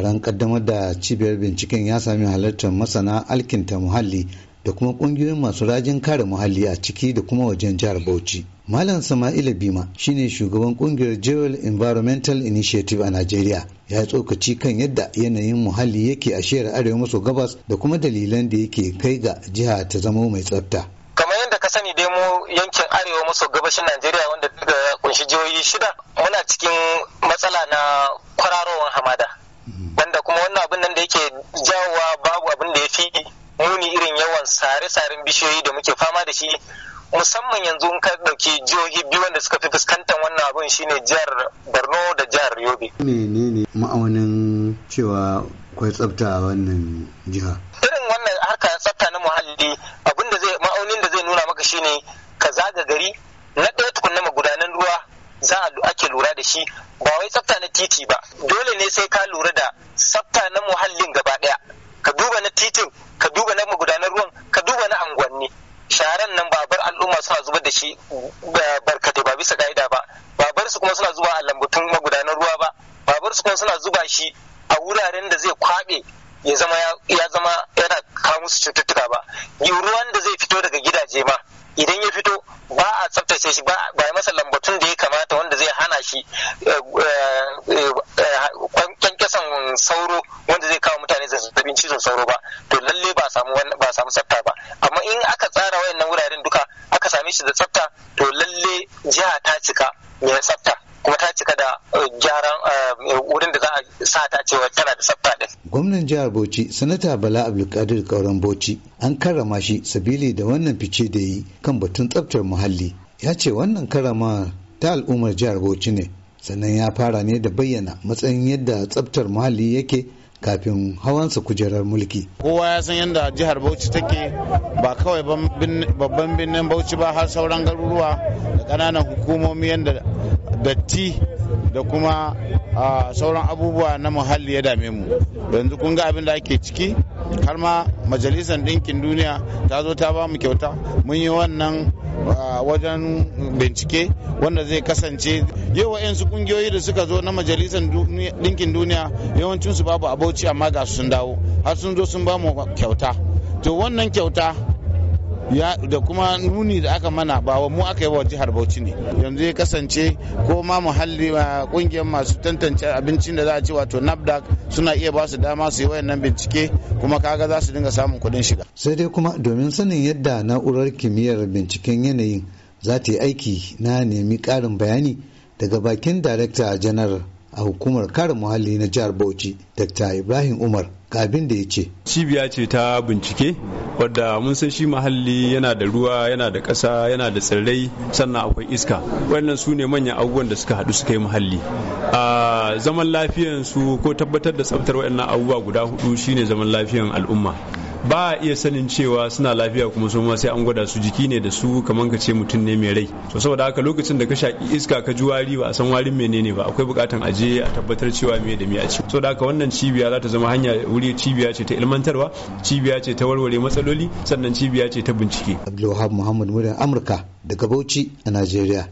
taron kaddamar da cibiyar binciken ya sami halartar masana alkinta muhalli da kuma kungiyoyin masu rajin kare muhalli a ciki da kuma wajen jihar Bauchi. Malam Sama'ila Bima shine shugaban kungiyar Jewel Environmental Initiative a Nigeria Ya tsokaci kan yadda yanayin muhalli yake a shiyar arewa maso gabas da kuma dalilan da yake kai ga jiha ta zama mai tsafta. Kamar yadda ka sani dai mu yankin arewa maso gabashin Najeriya wanda daga kunshi jihohi shida muna cikin matsala na jawowa babu abin da ya fi muni irin yawan sare-saren bishiyoyi da muke fama da shi musamman yanzu in ka dauki jihohi biyu wanda suka fi fuskantar wannan abin shine jihar borno da jihar yobe menene ma'aunin cewa akwai tsafta a wannan jiha irin wannan harka tsafta na muhalli abin da zai ma'aunin da zai nuna maka shine ka zaga gari na ɗaya tukunna magudanan lura da shi ba wai tsafta na titi ba dole ne sai ka lura da tsafta na muhallin gaba daya ka duba na titin ka duba na magudanar ruwan ka duba na angwanni sharan nan babar al'umma suna zubar da shi barkatai ba bisa ga'ida ba babar su kuma suna zuba a lambatun magudanar ruwa ba babar su kuma suna zuba shi a wuraren da zai kwaɓe ya zama ya zama yana kawo musu cututtuka ba ruwan da zai fito daga gidaje ma idan ya fito ba a tsaftace shi ba ba masa lambatun da ya hana shi eh, eh, eh, kyankyasan sauro wanda zai kawo mutane zazzabin cizon sauro ba to lalle ba samu ba samu tsafta ba amma in aka tsara wayannan wuraren duka aka same shi da tsafta to lalle jiha ta cika mai tsafta kuma ta cika da gyaran wurin da za a sa ta cewa tana da tsafta din. Gwamnan jihar Bauchi, Sanata Bala Abdulkadir Kauran Bauchi, an karrama shi sabili da wannan fice da yi kan batun tsaftar muhalli. Ya ce wannan karama ta al'ummar jihar Bauchi ne sannan ya fara ne da bayyana matsayin yadda tsabtar muhalli yake kafin hawansa kujerar mulki. Kowa ya san yadda jihar Bauchi take ba kawai babban birnin Bauchi ba har sauran garuruwa da ƙananan hukumomi yadda datti da kuma ah, sauran abubuwa na muhalli ya dame mu. Yanzu kun ga abin da ake ciki har ma majalisar ɗinkin duniya ta zo ta ba mu kyauta mun yi wannan wajen bincike wanda zai kasance yau wa'yansu kungiyoyi da suka zo na majalisar ɗinkin duniya yawancinsu babu abauci amma ga sun dawo har sun zo sun ba mu kyauta to wannan kyauta da kuma nuni da aka mana ba wa mu aka yi wa jihar Bauchi ne yanzu ya kasance ko ma muhalli ma kungiyar masu tantance abincin da za a ce wato NAFDAC suna iya ba su dama su yi wayannan bincike kuma kaga za su dinga samun kuɗin shiga sai dai kuma domin sanin yadda na'urar kimiyyar binciken yanayin za ta yi aiki na nemi ƙarin bayani daga bakin darakta janar a hukumar kare muhalli na jihar Bauchi Dr. Ibrahim Umar ga abin da ya ce cibiya ce ta bincike wadda mun san shi muhalli yana da ruwa yana da ƙasa yana da tsirrai sannan akwai iska wannan su ne manyan abubuwan da suka haɗu suka yi muhalli a zaman lafiyansu ko tabbatar da tsaftar waɗannan abubuwa guda hudu shine zaman lafiyan al'umma ba a iya sanin cewa suna lafiya kuma su ma sai an gwada su jiki ne da su kamar ka ce mutum ne mai rai to saboda haka lokacin da ka shaki iska ka ji wari ba a san warin menene ba akwai bukatan aje a tabbatar cewa me da me a ciki saboda haka wannan cibiya za ta zama hanya wuri cibiya ce ta ilmantarwa cibiya ce ta warware matsaloli sannan cibiya ce ta bincike Abdulwahab Muhammad Muryar Amurka daga Bauchi a Najeriya